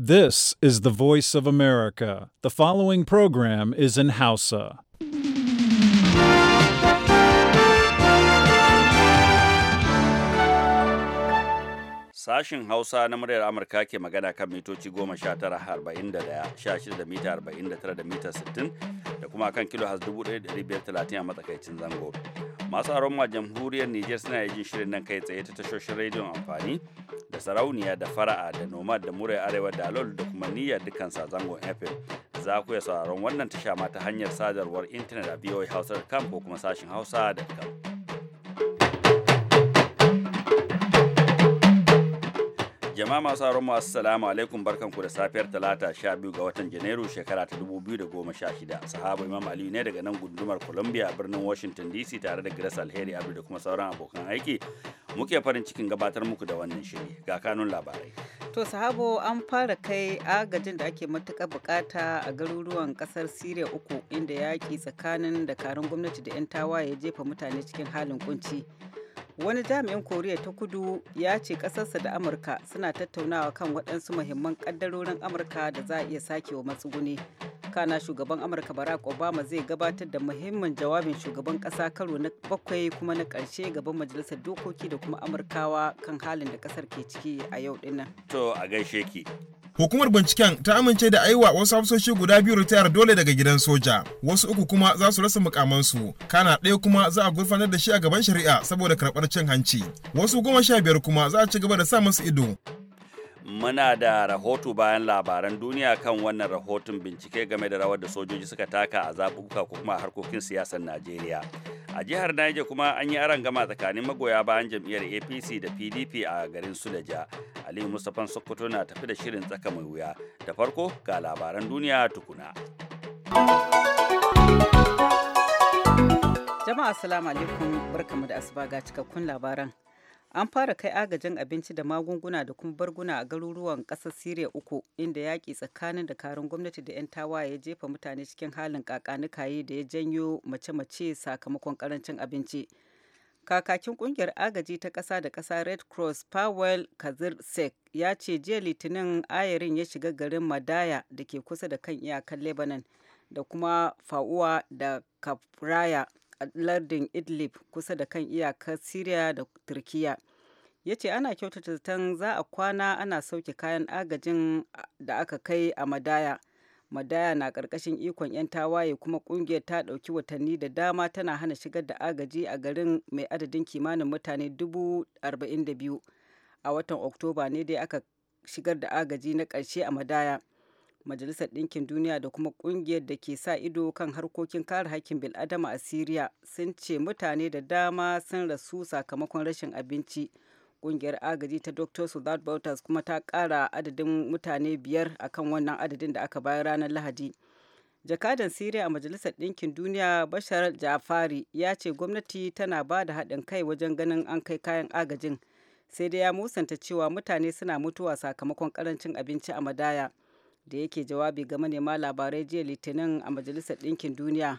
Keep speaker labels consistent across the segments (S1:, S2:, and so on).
S1: This is the voice of America. The following program is in Hausa.
S2: Sashin Hausa na muryar Amurka ke magana kan mitoci 19,41,16 da mita 49 da mita 60 da kuma kan kilo 1,530 a matsakaicin zango. masu aron ma jamhuriyar Nijar suna jin shirin nan kai tsaye ta tashoshin rediyon amfani da sarauniya da fara'a da nomad da murai arewa da alol da kuma niyya dukkan zango fm za ku iya sauraron wannan tasha ma ta hanyar sadarwar intanet a voahausa.com ko kuma sashin hausa hausa.com Jama'a masu haron mu assalamu alaikum barkanku da safiyar talata 12 ga watan Janairu shekara ta 2016. Sahaba Imam aliyu ne daga nan gundumar Columbia birnin Washington DC tare da Grace Alheri abu da kuma sauran abokan aiki. Muke farin cikin gabatar muku da wannan shiri ga kanun labarai.
S1: To sahabo an fara kai agajin da ake matuƙa bukata a garuruwan kasar syria uku inda yaki tsakanin dakarun gwamnati da 'yan tawaye jefa mutane cikin halin kunci. wani jami'in koriya ta kudu ya ce kasarsa da amurka suna tattaunawa kan waɗansu muhimman ƙaddarorin amurka da za a iya sake wa matsuguni kana shugaban amurka barack obama zai gabatar da muhimmin jawabin shugaban kasa karo na bakwai kuma na karshe gaban majalisar dokoki da kuma amurkawa kan halin da kasar ke ciki a yau dinnan to a gaishe ki
S3: hukumar binciken ta amince da aiwa wasu hafsoshi guda biyu ritayar dole daga gidan soja wasu uku kuma za su rasa mukamansu kana ɗaya kuma za a gurfanar da shi a gaban shari'a saboda karɓar cin hanci wasu goma sha biyar kuma za a ci gaba da sa masu ido
S2: muna da rahoto bayan labaran duniya kan wannan rahoton bincike game da rawar da sojoji suka taka a zaɓuɓɓuka ko kuma harkokin siyasar najeriya a jihar niger kuma an yi aron gama tsakanin magoya bayan jam'iyyar apc da pdp a garin sulaja ali mustapha sokoto na tafi da shirin tsaka mai wuya da farko ga labaran duniya tukuna
S1: jama'a assalamu alaikum barkamu da asuba ga cikakkun labaran an fara kai agajin abinci da magunguna da kuma barguna a garuruwan ƙasar syria uku inda yaƙi tsakanin dakarun gwamnati da 'yan tawaye ya jefa mutane cikin halin kakanikaye da ya janyo mace-mace sakamakon karancin abinci kakakin ƙungiyar agaji ta ƙasa da ƙasa red cross powell kazirsek ya ce jiya litinin ayarin ya shiga garin madaya da ke kusa da kan iyakar lebanon da kuma fa'uwa da kafraya lardin idlib kusa da kan iyakar syria da turkiya ya ce ana kyautata zaton za a kwana ana sauke kayan agajin da aka kai a madaya madaya na ƙarƙashin ikon 'yan tawaye kuma ƙungiyar ta ɗauki watanni da dama tana hana shigar da agaji a garin mai adadin kimanin mutane dubu arba'in a watan oktoba ne dai aka shigar da agaji na ƙarshe a madaya majalisar ɗinkin duniya da kuma ƙungiyar da ke sa ido kan harkokin kare hakkin bil'adama a siriya sun ce mutane da dama sun rasu sakamakon rashin abinci ƙungiyar agaji ta dr suzanne bautas kuma ta ƙara adadin mutane biyar akan wannan adadin da aka bayar ranar lahadi jakadan siriya a majalisar ɗinkin duniya bashar jafari ya ce gwamnati tana ba da haɗin kai wajen ganin an kai kayan agajin sai dai ya musanta cewa mutane suna mutuwa sakamakon ƙarancin abinci a madaya da yake jawabi ga manema labarai jiya litinin a majalisar ɗinkin duniya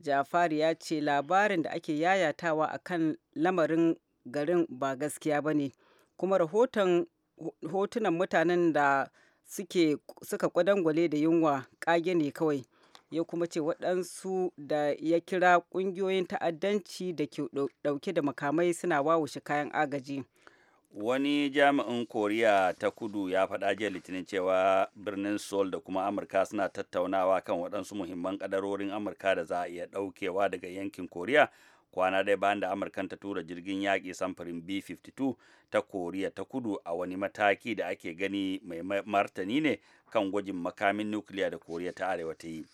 S1: jafari ya ce labarin da ake yayatawa a kan lamarin garin ba gaskiya ba ne kuma rahoton hotunan mutanen da suke suka kwadangwale da yunwa ƙage ne kawai ya kuma ce waɗansu da ya kira ƙungiyoyin ta'addanci da ke ɗauke da makamai suna wawushe kayan agaji
S2: wani jami'in koriya ta kudu ya faɗa jiya litinin cewa birnin seoul da kuma amurka suna tattaunawa kan waɗansu muhimman ƙadarorin amurka da za a iya ɗaukewa daga yankin koriya kwana ɗaya bayan da amurkan ta tura jirgin yaƙi samfurin b-52 ta koriya ta kudu a wani mataki da ake gani mai martani ne kan gwajin makamin nukiliya da koriya ta arewa ta yi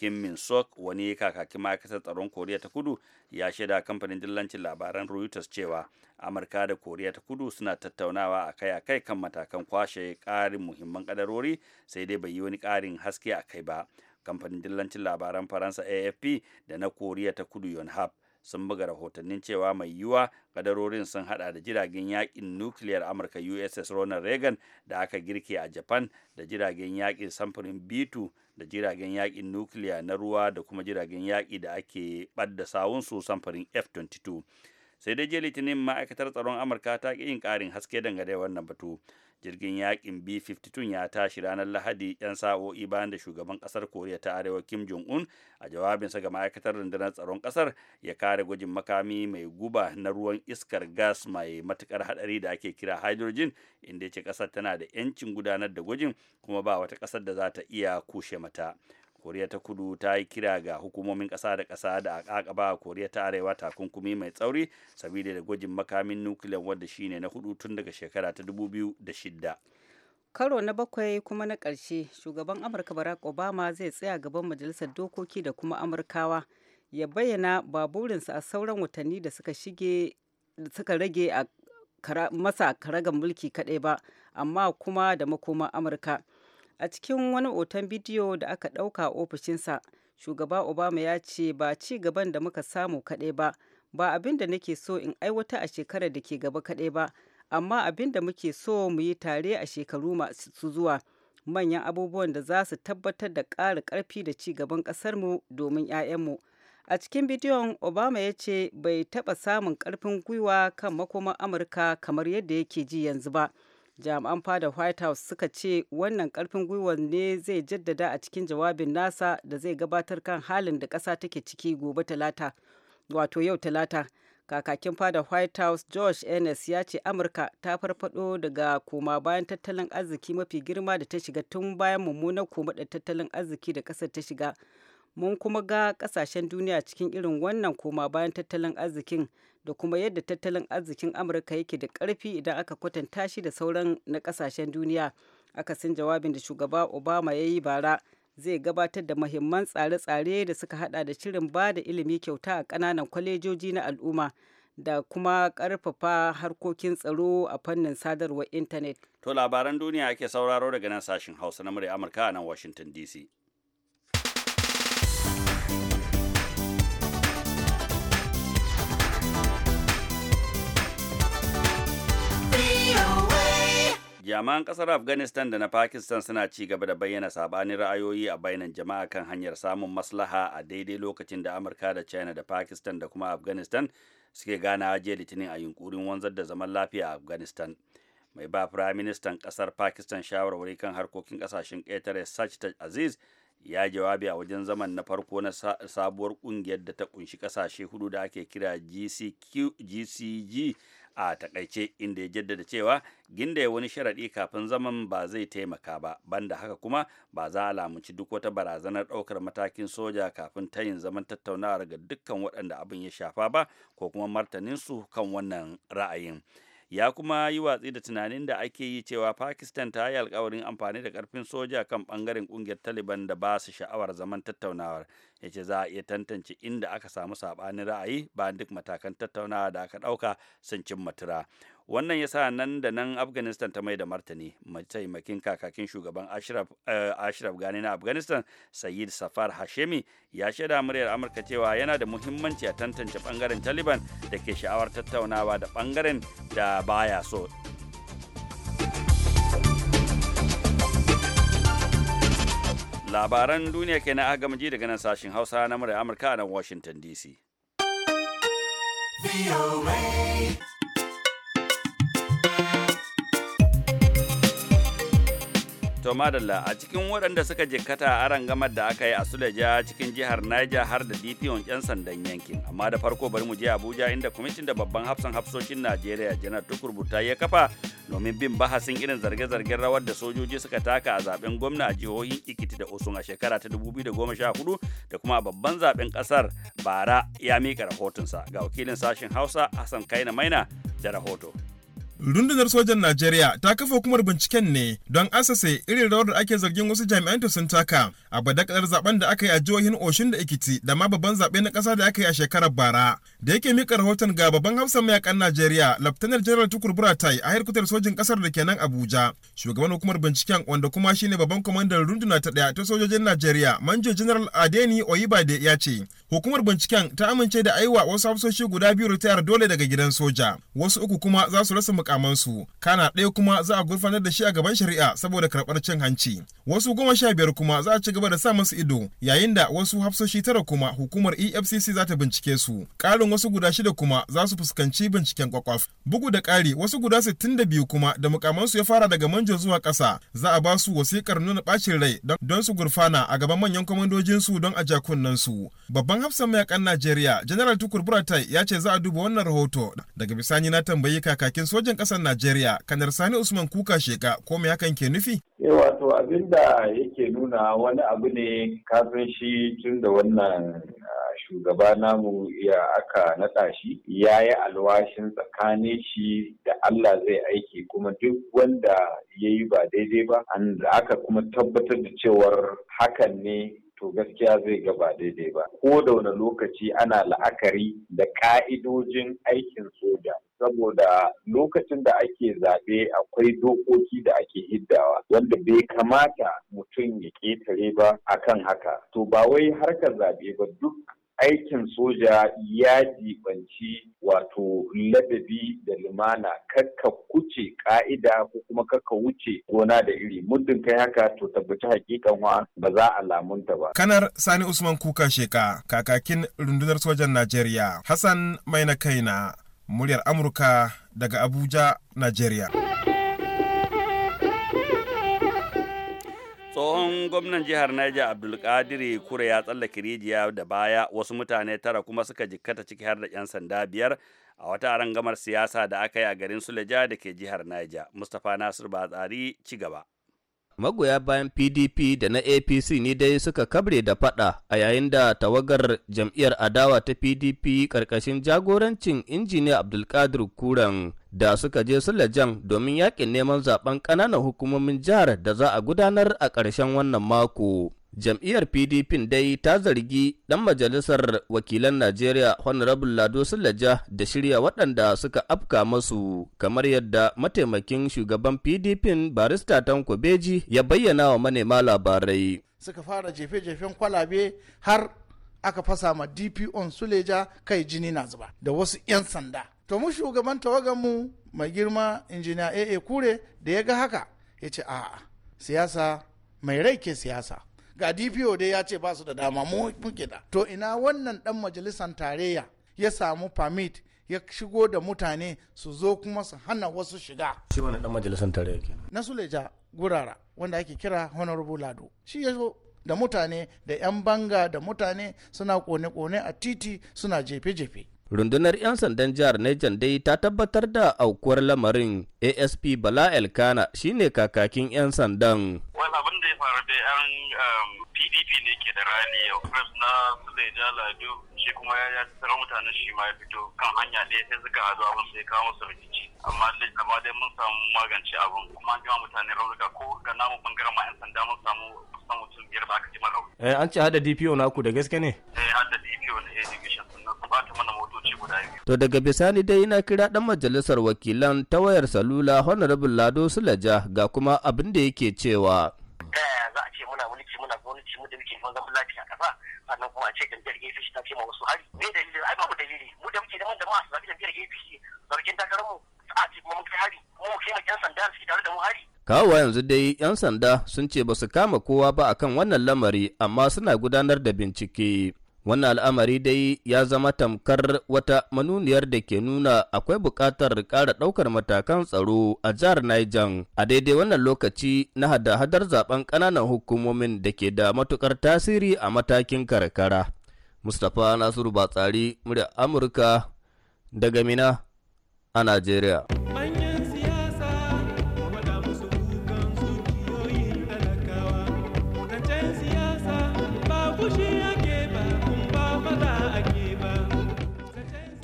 S2: Kim Min Sok wani kakaki ma'aikatar tsaron Koriya ta Kudu ya shaida kamfanin dillancin labaran Reuters cewa Amurka da Koriya ta Kudu suna tattaunawa akai-akai kan matakan kwashe ƙarin muhimman kadarori sai dai bai yi wani ƙarin haske a kai ba. Kamfanin dillancin labaran Faransa AFP da na Koriya ta Kudu Yonhap sun buga rahotannin cewa mai yiwuwa kadarorin sun hada da jiragen yakin nukiliyar amurka uss ronald reagan da aka girke a japan da jiragen yakin samfurin b2 da jiragen yakin nukiliya na ruwa da kuma jiragen yaki da ake ɓadda sawunsu samfurin f-22 sai dai jiya litinin ma'aikatar tsaron amurka ta ƙi yin ƙarin haske dangane wannan batu jirgin yakin b-52 ya tashi ranar lahadi 'yan sa'o'i bayan da shugaban kasar koriya ta arewa kim jong-un a jawabinsa ga ma'aikatar rundunar tsaron kasar ya kare gwajin makami mai guba na ruwan iskar gas mai matukar hadari da ake kira hydrogen inda ya ce kasar tana da 'yancin gudanar da gwajin kuma ba wata kasar da za ta iya kushe mata koriya ta kudu ta yi kira ga hukumomin ƙasa da ƙasa da a koriya ta arewa takunkumi mai tsauri saboda da gwajin makamin nukiliyan
S1: wanda shine na hudu tun daga shekara ta
S2: 2006
S1: karo na bakwai kuma na ƙarshe shugaban amurka barack obama zai tsaya gaban majalisar dokoki da kuma amurkawa ya bayyana baburinsa a sauran watanni da suka shige suka rage a masa karagar mulki kaɗai ba amma kuma da makoman amurka a cikin wani oton bidiyo da aka ɗauka a ofishinsa shugaba obama ya ce ba ci gaban da muka samu kaɗai ba ba abin da nake so in aiwata a shekarar da ke gaba kaɗai ba amma abin da muke so mu yi tare a shekaru masu zuwa manyan abubuwan da za su tabbatar da ƙara ƙarfi da ci gaban ƙasarmu domin 'ya'yanmu a cikin bidiyon obama ya ce bai taɓa samun ƙarfin gwiwa kan makoman amurka kamar yadda yake ji yanzu ba jami'an fada white house suka ce wannan karfin gwiwar ne zai jaddada a cikin jawabin nasa da zai gabatar kan halin da kasa take ciki gobe talata wato yau talata kakakin fada white house george ennis ya ce amurka ta farfado daga koma bayan tattalin arziki mafi girma da ta shiga tun bayan mummunar koma da tattalin arziki da kasar ta shiga mun kuma ga kasashen duniya cikin irin wannan koma bayan tattalin arzikin da kuma yadda tattalin arzikin amurka yake da karfi idan aka kwatanta shi da sauran na kasashen duniya akasin jawabin da shugaba obama ya yi bara zai gabatar da mahimman tsare-tsare da suka hada da shirin ba da ilimi kyauta a kananan kwalejoji na al'umma da kuma karfafa harkokin tsaro a fannin sadarwar intanet.
S2: To labaran duniya ake sauraro daga nan sashen Hausa na murya Amurka a nan Washington DC. jami'an kasar afghanistan da na pakistan suna ci gaba da bayyana sabanin ra'ayoyi a bainan jama'a kan hanyar samun maslaha a daidai lokacin da amurka da china da pakistan da kuma afghanistan suke gana ajiye litinin a yunkurin wanzar da zaman lafiya a afghanistan mai ba firaministan kasar pakistan shawarwari kan harkokin kasashen ƙetare sajid aziz ya jawabi a wajen zaman na farko na sabuwar kungiyar da ta kunshi kasashe hudu da ake kira gcg a takaice inda ya jaddada cewa gindaya wani sharaɗi kafin zaman ba zai taimaka ba banda haka kuma ba za a lamunci duk wata barazanar ɗaukar matakin soja kafin ta yin zaman tattaunawar ga dukkan waɗanda abin ya shafa ba ko kuma martaninsu kan wannan ra'ayin. ya kuma yi watsi da tunanin da ake yi cewa pakistan ta yi alkawarin amfani da karfin soja kan bangaren kungiyar taliban da ba su sha'awar zaman tattaunawar ya ce za a iya tantance inda aka samu saɓanin ra'ayi bayan duk matakan tattaunawa da aka ɗauka sun cimma tura wannan ya sa nan da nan afghanistan ta mai da martani mataimakin kakakin shugaban ashraf, eh, gani na afghanistan sayid safar hashemi ya shaida muryar amurka cewa yana da muhimmanci a tantance bangaren taliban da ke sha'awar tattaunawa da bangaren da baya so labaran duniya ke na agamji daga nan sashen hausa na murai amurka a nan washington dc To madalla a cikin waɗanda suka jikkata a aron gamar da aka yi a Suleja cikin jihar Niger har da DPO'n 'yan sandan yankin. Amma da farko bari mu je Abuja inda kwamitin da babban hafsan hafsoshin Najeriya Janar Tukurbuta ya kafa domin bin bahasin irin zarge-zargen rawar da sojoji suka taka a zaben gwamna a jihohin Ikiti da Osun a shekara ta 2014 da kuma a babban zaben kasar bara ya mika rahotonsa ga wakilin sashen Hausa Hassan Kaina Maina da rahoto.
S3: rundunar sojan najeriya ta kafa hukumar binciken ne don asase irin rawar da ake zargin wasu jami'anta sun taka a badakar zaben da aka yi a jihohin Oshin da ikiti da ma babban zaɓe na ƙasa da aka yi a shekarar bara. Da yake mika rahoton ga babban hafsan mayakan Najeriya, Laftanar General Tukur Buratai a harkutar sojin ƙasar da ke nan Abuja. Shugaban hukumar binciken wanda kuma shine babban kwamandan runduna ta ɗaya ta sojojin Najeriya, Manjo General Adeni Oyibade ya ce, hukumar binciken ta amince da aiwa wasu hafsoshi guda biyu ritayar dole daga gidan soja, wasu uku kuma za su rasa mukamansu, kana ɗaya kuma za a gurfanar da shi a gaban shari'a saboda karɓar cin hanci. Wasu goma sha biyar kuma za a ci gaba da sa masu ido yayin da wasu hafsoshi tara kuma hukumar EFCC za ta bincike su. Ƙarin wasu guda shida kuma za su fuskanci binciken kwakwaf. Bugu da ƙari wasu guda sittin da biyu kuma da mukamansu ya fara daga manjo zuwa ƙasa za a ba su wasiƙar nuna ɓacin rai don su gurfana a gaban manyan kwamandojinsu don a su. Babban hafsan mayakan Najeriya General Tukur Buratai ya ce za a duba wannan rahoto daga bisani na tambayi kakakin sojan ƙasar Najeriya kanar Sani Usman Kuka Sheka ko me hakan ke nufi?
S2: Eh wato abinda yake nuna wani abu ne kafin shi tun da wannan shugaba namu ya aka naɗa shi ya yi alwashin tsakanin shi
S4: da Allah zai aiki kuma duk wanda ya yi ba daidai ba da aka kuma tabbatar da cewar hakan ne to gaskiya zai gaba daidai ba ko da wani lokaci ana la'akari da ka'idojin aikin soja saboda lokacin da ake zaɓe akwai dokoki da ake hiddawa wanda bai kamata mutum ya ƙetare ba akan haka to ba wai harkar zaɓe ba duk
S2: aikin soja ya jibanci wato ladabi da lumana kakka kuce ka'ida ko kuma kakka wuce gona da iri muddin kai haka to tabbaci hakikan wa ba za a lamunta ba. Kanar
S3: Sani Usman Kuka Sheka kakakin rundunar sojan Najeriya Hassan mai na Kaina muryar Amurka daga Abuja, Najeriya.
S2: tsohon gwamnan jihar Niger Abdulkadir Kure ya tsallake rijiya da baya wasu mutane tara kuma suka jikkata ciki har da 'yan sanda biyar a wata arangamar siyasa da aka yi a garin Suleja da ke jihar Niger. Mustapha Nasir Batsari ci gaba.
S5: magoya bayan pdp da na apc ne dai suka kabre da fada a yayin da tawagar jam'iyyar adawa ta pdp karkashin jagorancin injiniya abdulkadir kuran da suka je sulajan domin yakin neman zaben ƙananan hukumomin jihar da za a gudanar a ƙarshen wannan mako Jam'iyyar PDP dai ta zargi dan majalisar wakilan Najeriya Honorable Lado Sulaja da shirya waɗanda suka afka masu kamar yadda mataimakin shugaban PDP barista Tanko Beji ya bayyana wa manema labarai.
S6: Suka fara jefe-jefen kwalabe har aka fasa ma dp on Suleja kai jini na zuba da wasu 'yan sanda. To mu shugaban mu mai girma injiniya AA Kure da ya ga haka ya ce a'a siyasa mai rai ke siyasa. ga dpo dai ya ce ba su da dama mu muke da to ina wannan dan majalisar tarayya ya samu permit ya shigo da mutane su zo kuma su hana wasu shiga shi
S5: wani dan majalisar tarayya ke
S6: na suleja gurara wanda ake kira honorable lado shi ya zo da mutane da 'yan banga da mutane suna kone-kone a titi suna jefe-jefe
S5: rundunar 'yan sandan jihar Niger dai ta tabbatar da aukuwar lamarin asp bala elkana shine kakakin 'yan sandan wani
S2: abin da ya faru dai yan pdp um, ne ke da rali yau na na ja jalajo shi kuma ya tsara mutanen shi ma ya fito kan hanya ɗaya sai suka haɗu abin sai kawo musu rikici amma amma dai mun samu magance abin kuma an jima mutane raunuka ko ga namu bangaren ma 'yan sanda mun
S4: samu kusan mutum biyar
S5: ba aka ji mara eh an ce hada DPO ku da gaske ne eh hada
S4: DPO na education sun nan bata mana motoci guda
S5: biyu to daga bisani dai ina kira dan majalisar wakilan ta wayar salula honorable Lado Sulaja ga kuma abin da yake cewa ta yaya
S4: za a ce muna mulki muna gwamnati mu da muke zaman lafiya kasa sannan kuma a ce jam'iyyar APC ta ce ma wasu hari me dalilin ai babu dalili mu da muke neman da su zaɓi jam'iyyar APC zargin takarar mu a ce kuma
S5: mun kai hari mu mu kai ma 'yan sanda suke tare da mu hari kawo yanzu dai 'yan sanda sun ce ba su kama kowa ba akan wannan lamari amma suna gudanar da bincike Wannan al'amari dai ya zama tamkar wata manuniyar da ke nuna akwai buƙatar ƙara ɗaukar matakan tsaro a jihar Niger a daidai wannan lokaci na hada-hadar zaben ƙananan hukumomin da ke da matuƙar tasiri a matakin karkara. Mustapha Nasiru Batsari, murya Amurka daga Mina a Najeriya.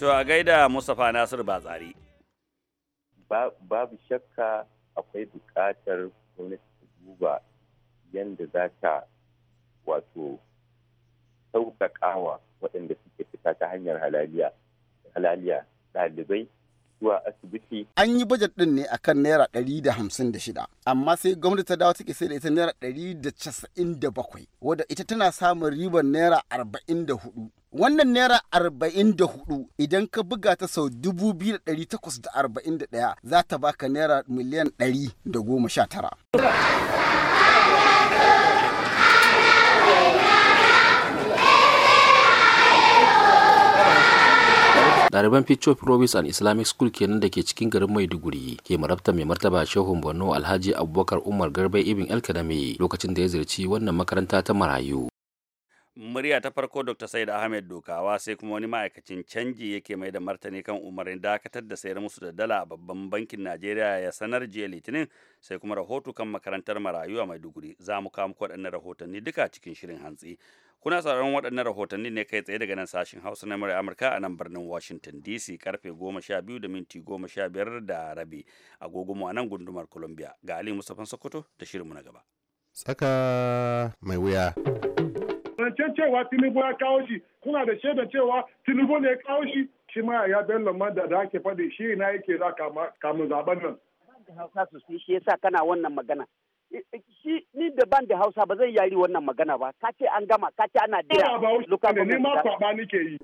S2: To a gaida Mustapha Nasiru Batsari. Babu shakka akwai bukatar gwamnati ta duba
S7: yadda za ta wato sauƙaƙawa waɗanda suke fita ta hanyar halaliya halaliya ɗalibai zuwa asibiti. An
S4: yi bajet ɗin ne a kan naira ɗari da hamsin da shida, amma sai gwamnati ta dawo take sai da ita naira ɗari da casa'in da bakwai, wadda ita tana samun ribar naira arba'in da hudu. wannan naira arba'in da hudu idan ka buga ta sau dubu biyu da ɗari takwas da arba'in da ɗaya za ta baka naira miliyan ɗari da goma sha tara.
S7: ɗaliban Picture Province and Islamic School kenan da ke cikin garin Maiduguri ke marabta mai martaba Shehun Borno Alhaji Abubakar Umar Garba ibin El lokacin da ya ziyarci wannan makaranta ta marayu.
S2: murya ta farko dr said ahmed dokawa sai kuma wani ma'aikacin canji yake mai da martani kan umarnin dakatar da sayar musu da dala a babban bankin najeriya ya sanar jiya litinin sai kuma rahoto kan makarantar marayu a maiduguri za mu kawo muku waɗannan rahotanni duka cikin shirin hantsi kuna sauraron waɗannan rahotanni ne kai tsaye daga nan sashen hausa na murya amurka a nan birnin washington dc karfe goma sha biyu da minti goma sha biyar da rabi agogonmu a nan gundumar columbia ga ali mustapha sokoto da shirinmu na gaba
S6: tsaka mai wuya
S8: zancen cewa tinubu ya kawo shi kuna da shaida cewa tinubu ne ya kawo shi shi ma ya bello man da da ake faɗi shi na yake za kamun zaben nan.
S4: Hausa su su shi yasa kana wannan magana. Shi ni da ban da Hausa ba zan yari wannan magana ba. Ka ce an gama, ka ce ana dira. Ni ma kwaɓa
S8: nike yi.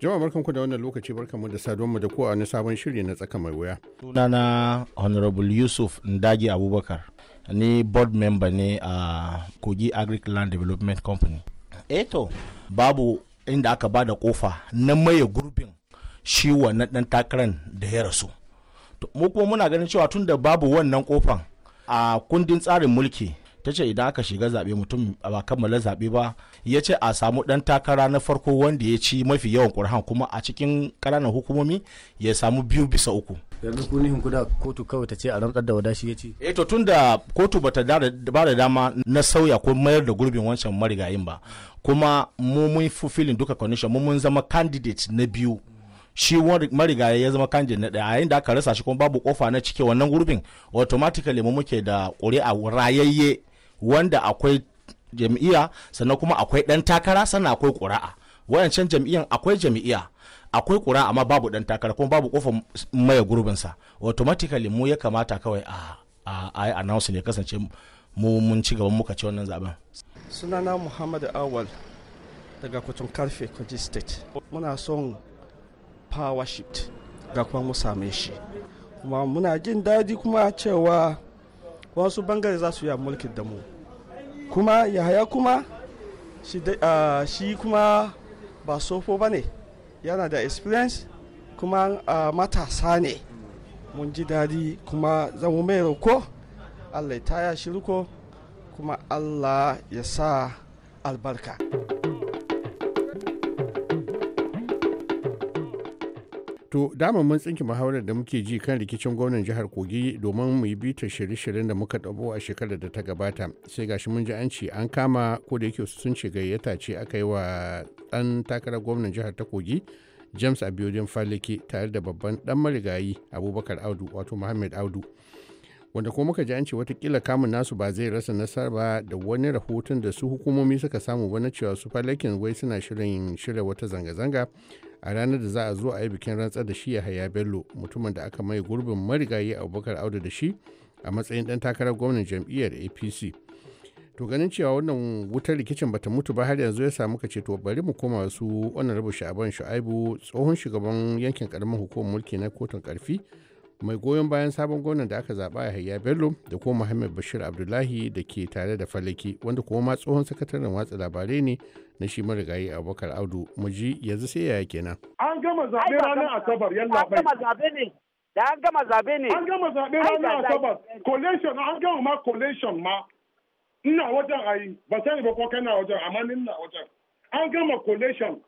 S6: jama'a barkanku da wannan lokaci barkanmu da mu da kowa na sabon shiri na tsaka mai wuya
S7: sunana honorable yusuf ndagi abubakar ni board member ne a kogi agric land development company eto eh babu inda aka ba da kofa na maye gurbin shi wannan dan takaran da ya rasu mu kuma muna ganin cewa tun da babu wannan kofan a kundin tsarin mulki ta ce idan aka shiga zaɓe mutum ba kammala zaɓe ba ya ce a samu ɗan takara na farko wanda ya ci mafi yawan ƙurhan kuma a cikin ƙananan hukumomi ya samu biyu bisa uku yanzu ku nihin kotu kawai ta ce a rantsar da wadashi ya ce eh to tun da kotu bata ba da dama na sauya ko mayar da gurbin wancan marigayin ba kuma mu mun fulfilling duka condition mu mun zama candidate na biyu shi marigaya ya zama kanji na daya yayin da aka rasa shi kuma babu kofa na cike wannan gurbin automatically mu muke da ƙuri'a rayayye wanda akwai jam'iyya sannan kuma akwai ɗan takara sannan akwai ƙura'a wayancan jam'iyyan akwai jam'iyya akwai ƙura'a amma babu ɗan takara kuma babu kofar maye sa automatically mu ya kamata kawai a a yi announce ne kasance mu mun ci gaban muka ci wannan zaben
S6: sunana muhammad awal daga
S7: kwatun karfe kwaji state muna son power shift ga kuma mu same shi kuma muna jin daɗi kuma cewa wasu bangare za su yi mulkin damu mu kuma yahaya kuma shi
S6: kuma ba sofo ba ne yana da experience kuma matasa ne mun ji daɗi kuma zamu mai roko ta ya shi kuma allah ya sa albarka. To dama mun tsinki muhawarar da muke ji kan rikicin gwamnan jihar Kogi domin mu yi bitar shirye-shiryen da muka ɗabo a shekarar da ta gabata. Sai gashi mun ji an ce an kama ko da yake sun ce gayyata ce aka yi wa ɗan takarar gwamnan jihar ta Kogi James Abiodun Falike tare da babban ɗan marigayi Abubakar Audu wato Muhammad Audu. Wanda kuma muka ji an ce watakila kamun nasu ba zai rasa nasar ba da wani rahoton da su hukumomi suka samu ba na cewa su falakin wai suna shirin shirya wata zanga-zanga a ranar da za a zo a yi bikin rantsar da shi haya bello mutumin da aka mai gurbin marigayi abubakar audu da shi a matsayin dan takarar gwamnan jam'iyyar apc to ganin cewa wannan wutar rikicin bata mutu ba har yanzu ya samu ka ce to bari mu koma wasu honorable sha'aban shu'aibu tsohon shugaban yankin karamin hukumar mulki na kotun karfi mai goyon bayan sabon gwamnan da aka zaba a hayya bello da kuma muhammad bashir abdullahi da ke tare da falaki wanda kuma ma tsohon sakataren watsa labarai ne na shi marigayi abubakar audu mu ji yanzu sai yaya kenan
S8: an gama zaɓe ranar asabar yalla bai an gama zaɓe ne da an gama zaɓe ne an gama zaɓe ranar asabar collation an gama ma collation ma ina wajen ayi ba sani ba ko kana wajen amma ni ina wajen an gama collation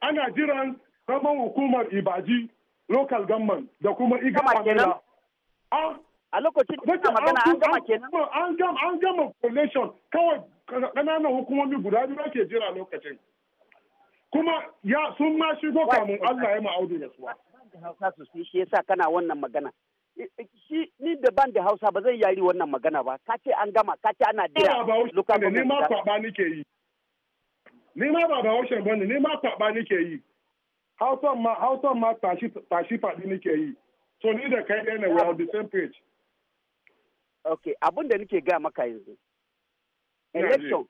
S8: ana jiran gaban hukumar ibaji local government da kuma igama a lokacin da magana an gama kenan an gama collation kawai ƙananan hukumomi guda biyu ake jira lokacin kuma ya sun ma shigo kamun Allah ya ma'audu
S4: da suwa. Hausa su su shi yasa kana wannan magana. Shi ni ban da Hausa ba zai yari wannan magana ba. Ka ce an gama, ka ce ana jira Ni ma kwaɓa
S8: nike yi. Ni ma ba hausa ba ne, ni ma kwaɓa nike yi. Hausan ma Hausan ma tashi tashi faɗi nike yi. To ni da kai ɗaya ne we on the same page. Okay, abin da nake ga maka yanzu. election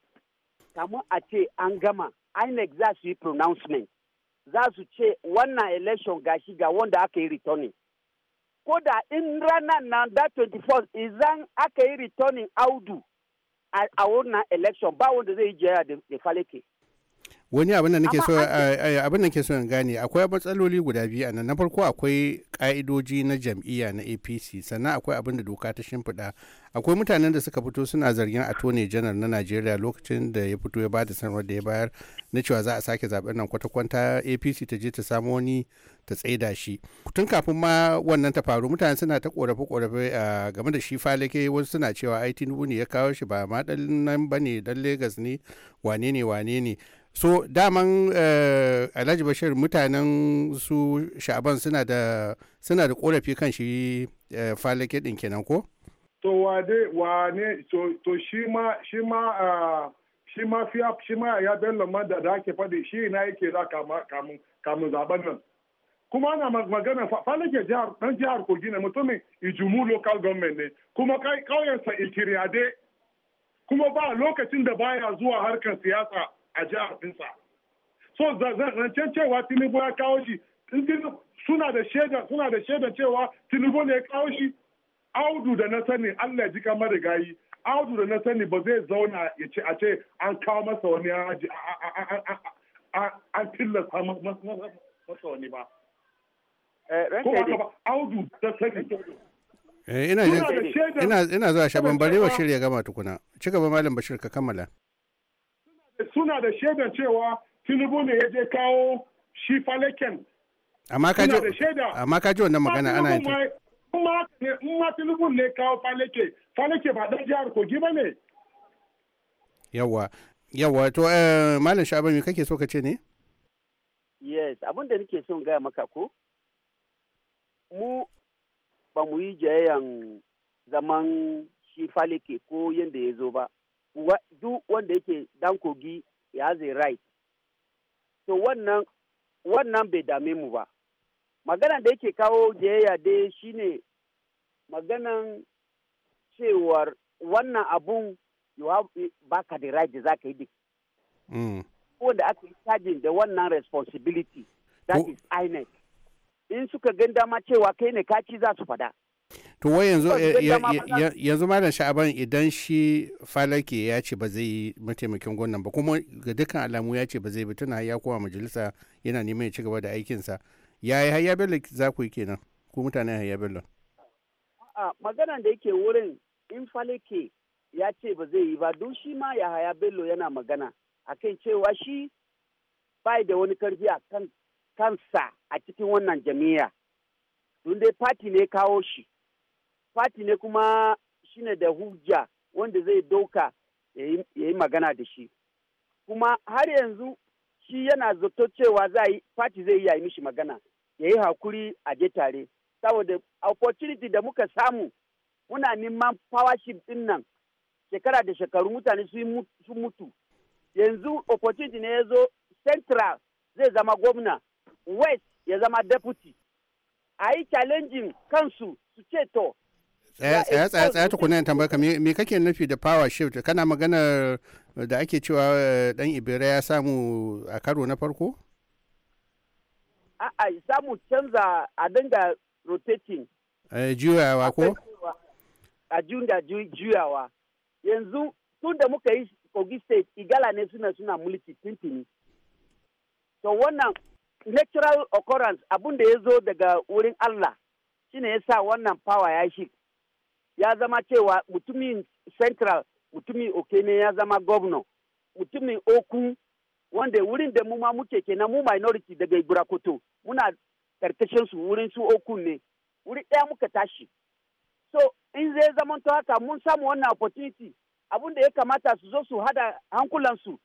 S4: kamar a ce an gama inec za su yi pronouncement za su ce wannan election gashi ga wanda aka yi returning ko da in ranar na da 24 izan aka yi returning audu a wannan election ba wanda zai yi jira da falake
S6: wani abin da nake so eh, eh, abin da nake so in gane akwai matsaloli guda biyu anan na farko akwai ka'idoji na jam'iyya na APC sannan akwai abin da doka ta shimfiɗa akwai mutanen da suka fito suna zargin a tone janar na Najeriya lokacin da ya fito ya bada da sanarwar da ya bayar na cewa za a sake zaben nan kwata kwanta APC ta je ta samu wani ta tsaida shi tun kafin ma wannan ta faru mutane suna ta korafe-korafe eh, game da shi falake wasu suna cewa it ne ya kawo shi ba ma dan nan bane dan Lagos ne wane ne wane ne so daman uh, alhaji bashir mutanen su sha'aban suna da suna da korafi kan shi uh, falake din kenan ko
S8: to wade wane to, to shi ma shi ma uh, shi ma fiya shi ma ya bello man da da ake faɗi shi na yake za kamun kamun zaben nan kuma ana magana falake jihar dan jihar kogi ne mutumin ijumu local government ne kuma kauyensa ikiriyade kuma ba lokacin da baya zuwa harkar siyasa a jihar ɗinsa. So zancen cewa Tinubu ya kawo shi suna da shaida suna da shaida cewa Tinubu ne ya kawo shi audu da na sani Allah ji kamar gayi, audu da na sani ba zai zauna ya ce a ce an kawo masa wani haji an tilasta masa wani eh, ba. Audu da sani.
S6: Eh, ina zuwa shaban bare wa shirya gama tukuna. Ci gaba Malam Bashir ka kammala.
S8: suna da shaidar cewa tinubu ne ya je kawo shi faleken
S6: amma ka ji amma ka ji wannan magana ana
S8: yi in tinubu ne kawo faleke faleke ba dan jihar kogi ba ne
S6: yawa yawa to eh, malam sha'aban me kake so ka ce ne
S4: yes abin da nake son gaya maka ko mu ba mu yi jayayyan zaman shi faleke ko yadda ya zo ba duk wanda yake dan kogi ya zai to wannan bai dame mu ba magana da yake kawo jayayya dai shine maganan cewar wannan abun ba ka da right da za ka yi duk mm. wanda aka yi cajin da wannan responsibility that is inec in suka gan dama cewa kai ne kaci za su fada
S6: to wai yanzu eh, yanzu malam sha'aban idan shi falake ya ce ba zai yi mataimakin gwamnan ba kuma ga dukkan alamu ya ce ba zai bi tana ya kowa majalisa yana neman ya ci gaba da aikinsa ya yi hayya bello za ku yi kenan ku mutanen hayya bello
S4: maganan da yake wurin in falake ya ce ba zai yi ba don shi ma ya haya bello yana magana akan cewa shi bai da wani karfi a kansa a cikin wannan jami'a don dai fati ne kawo shi fati ne kuma shine da hujja wanda zai dauka ya yi magana da shi kuma har yanzu shi yana zato cewa fati zai yi mishi magana ya yi hakuri a je tare saboda opportunity da muka samu muna neman powership din nan shekara da shekaru mutane su mutu yanzu opportunity ne ya zo central zai zama gwamna west ya zama deputy a yi challenging kansu su ce to
S6: tsaya tukunan tambarka me kake nufi da power shift kana maganar eh, da ake cewa dan eh, ibira ya samu a karo na farko?
S4: A'a samu canza a dinga rotating.
S6: Eh, juyawa ko?
S4: A dinga juyawa. Yanzu tun da muka yi Kogi State, Igala ne suna suna mulki tintini. To wannan natural occurrence abun da ya zo daga wurin Allah shine ya sa wannan power ya shi ya zama cewa mutumin central mutumin okene ya zama governor mutumin oku wanda wurin da mu ma muke kenan mu minority daga iburakoto muna karkashin su wurin su okun ne wuri ɗaya muka tashi so in zai zama to haka mun samu wannan opportunity abin da ya kamata su zo su hada hankulansu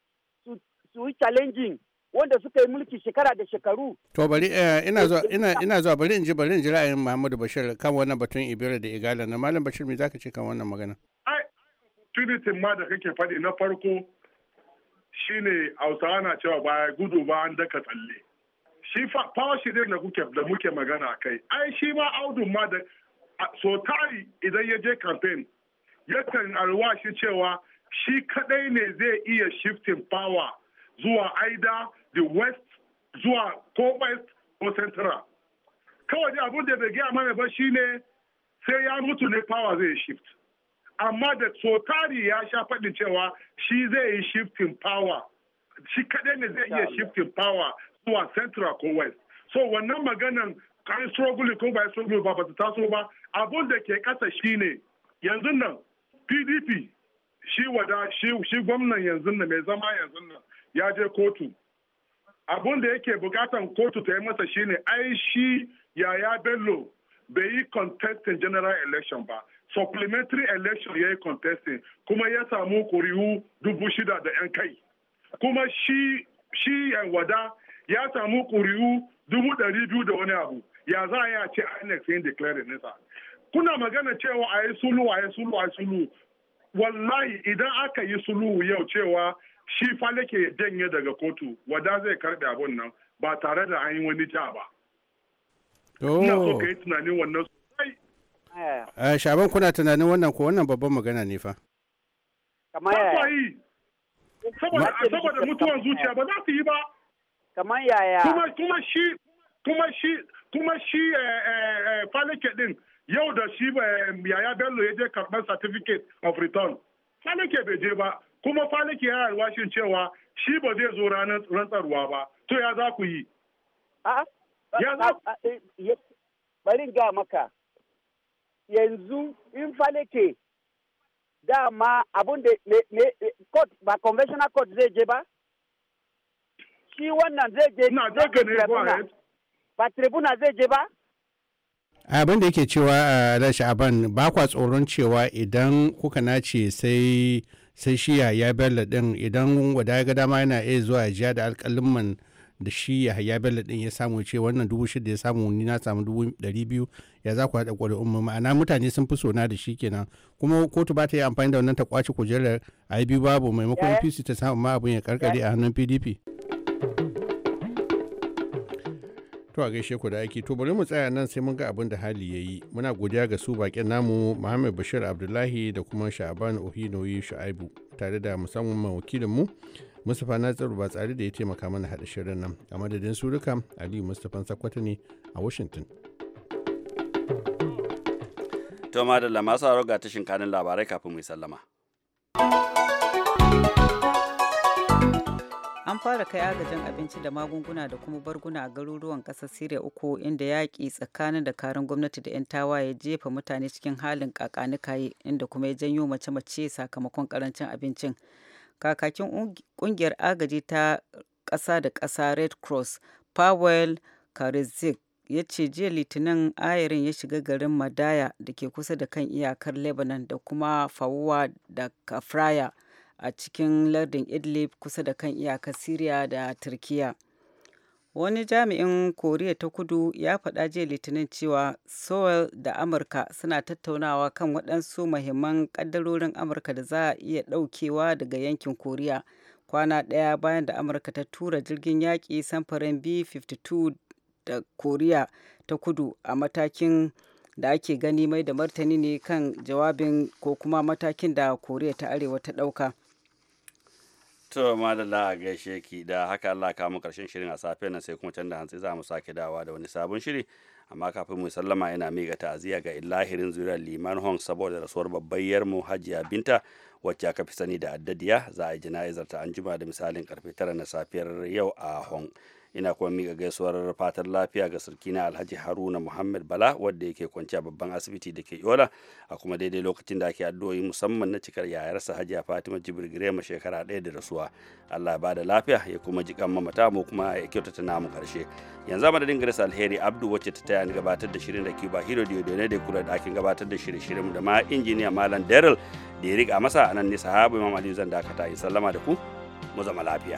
S4: su yi challenging wanda suka yi mulki shekara da shekaru.
S6: To bari eh, ina zuwa bari in ji bari in ji ra'ayin Muhammadu Bashir kan wannan batun Ibira da Igala na Malam Bashir me zaka ce kan wannan magana? Ai
S8: ma da kake faɗi na farko shine Hausawa na cewa ba gudu ba an daka tsalle. Shi power shi da kuke da muke magana kai. Ai shi ma Audu ma da so tari idan ya je campaign yakan alwashi cewa shi kadai ne zai iya shifting power zuwa aida the west zuwa ko west ko central kawai dai abin da bai gaya mana ba shine sai ya mutu ne power zai shift amma da tsotari ya sha faɗin cewa shi zai yi shifting power shi kaɗai ne zai iya shifting power zuwa central ko west so wannan maganan kai struggle ko ba struggle ba ba ta taso ba abun da ke ƙasa shine yanzu nan pdp shi wada shi gwamnan yanzu nan mai zama yanzu nan ya je kotu abun da yake bukatan kotu ta yi masa shine ai shi yaya bello bai yi contesting general election ba supplementary election ya yi contesting kuma ya samu kuri'u dubu shida da 'yan kai kuma shi yan wada ya samu kuri'u dubu ɗari biyu da wani abu ya za a ce inec yin declaring nisa kuna magana cewa a yi sulu a yi sulu a yi sulu wallahi idan aka yi sulu yau cewa shi fa nake janye daga kotu wada zai karbe abun nan ba tare da an yi wani ja ba
S6: ina so ka yi oh.
S8: tunanin wannan sosai
S6: eh, shaban kuna tunanin wannan ko wannan babban magana ne fa
S8: kamar yaya saboda mutuwan zuciya ba za su yi ba kamar yaya kuma shi kuma shi kuma shi eh, eh, falake din yau da shi yaya bello ya je karɓar certificate of return falake bai je ba kuma faliki ya alwashin cewa shi ba zai zo ranar rantsarwa ba to ya za ku yi bari ga
S4: maka yanzu in falike dama abun da court ba conventional court zai je ba shi wannan zai je ba tribuna zai je ba
S6: abin da yake cewa a eh, rashi aban ba kwa tsoron cewa idan kuka nace sai sai shi ya bello din idan wada ya ga dama yana iya zuwa ya jiya da man da shi ya bello din ya samu ce wannan dubu shida ya samu ni na samu dubu dari biyu ya za ku haɗa ƙwari'un mu ma'ana mutane sun fi sona da shi kenan kuma kotu ba ta yi amfani da wannan ta kwace kujerar a yi biyu babu maimakon pc ta samu ma abin ya karkare a hannun pdp. To a gaishe ku da aiki to bari mu tsaya nan sai mun ga abin da hali ya yi. Muna godiya ga su bakin namu Muhammad Bashir Abdullahi da kuma Sha'ban Ohinoyi Shu'aibu tare da musamman wakilin mu Mustapha Nasiru ba tsari da ya taimaka mana hada shirin nan. A madadin su duka Aliyu Mustapha Sakwata ne a Washington.
S2: To madalla masu ga tashin kanin labarai kafin mu sallama.
S1: an fara kai agajin abinci da magunguna da kuma barguna a garuruwan ƙasar Siriya uku inda yaƙi tsakanin da karin gwamnati da 'yan ya jefa mutane cikin halin kakanikaye inda kuma ya janyo mace-mace sakamakon karancin abincin. Kakakin ƙungiyar agaji ta ƙasa da ƙasa Red Cross, Powell Karizik ya ce jiya litinin ayarin ya shiga garin Madaya da ke kusa da kan iyakar Lebanon da kuma fawuwa da Kafraya. a cikin lardin idlib kusa da kan iyakar syria da turkiya wani jami'in koriya ta kudu ya faɗa jiya litinin cewa sowell da amurka suna tattaunawa kan waɗansu mahimman ƙaddarorin amurka da za a iya ɗaukewa daga yankin koriya kwana ɗaya bayan da amurka ta tura jirgin yaƙi samfurin b-52 da koriya ta kudu a matakin da ake gani mai da martani ne kan jawabin ko kuma matakin da koriya ta arewa ta ɗauka.
S2: To madalla a gaishe ki da haka Allah ka mu karshen shirin a safe nan sai kuma can da hantsi za mu sake dawa da wani sabon shiri amma kafin mu sallama yana miƙa ta'aziyya ga illahirin zuriyar Liman Hong saboda rasuwar babbayyar mu Hajiya Binta wacce aka fi sani da addadiya za a yi jana'izar ta anjima da misalin karfe tara na safiyar yau a Hong. ina kuma miƙa gaisuwar fatan lafiya ga sarki na alhaji haruna muhammad bala wadda yake kwanci a babban asibiti da ke yola a kuma daidai lokacin da ake addu'o'i musamman na cikar yayarsa hajiya fatima jibril girema shekara ɗaya da rasuwa allah ya bada lafiya ya kuma ji kan mamata mu kuma ya kyautata namu karshe yanzu madadin grace alheri abdu wacce ta taya gabatar da shirin da cuba ba hiro da kula da akin gabatar da shirye mu da ma injiniya malam daryl da ya riga masa a nan ne sahabu imam aliyu zan dakata yi sallama da ku mu zama lafiya.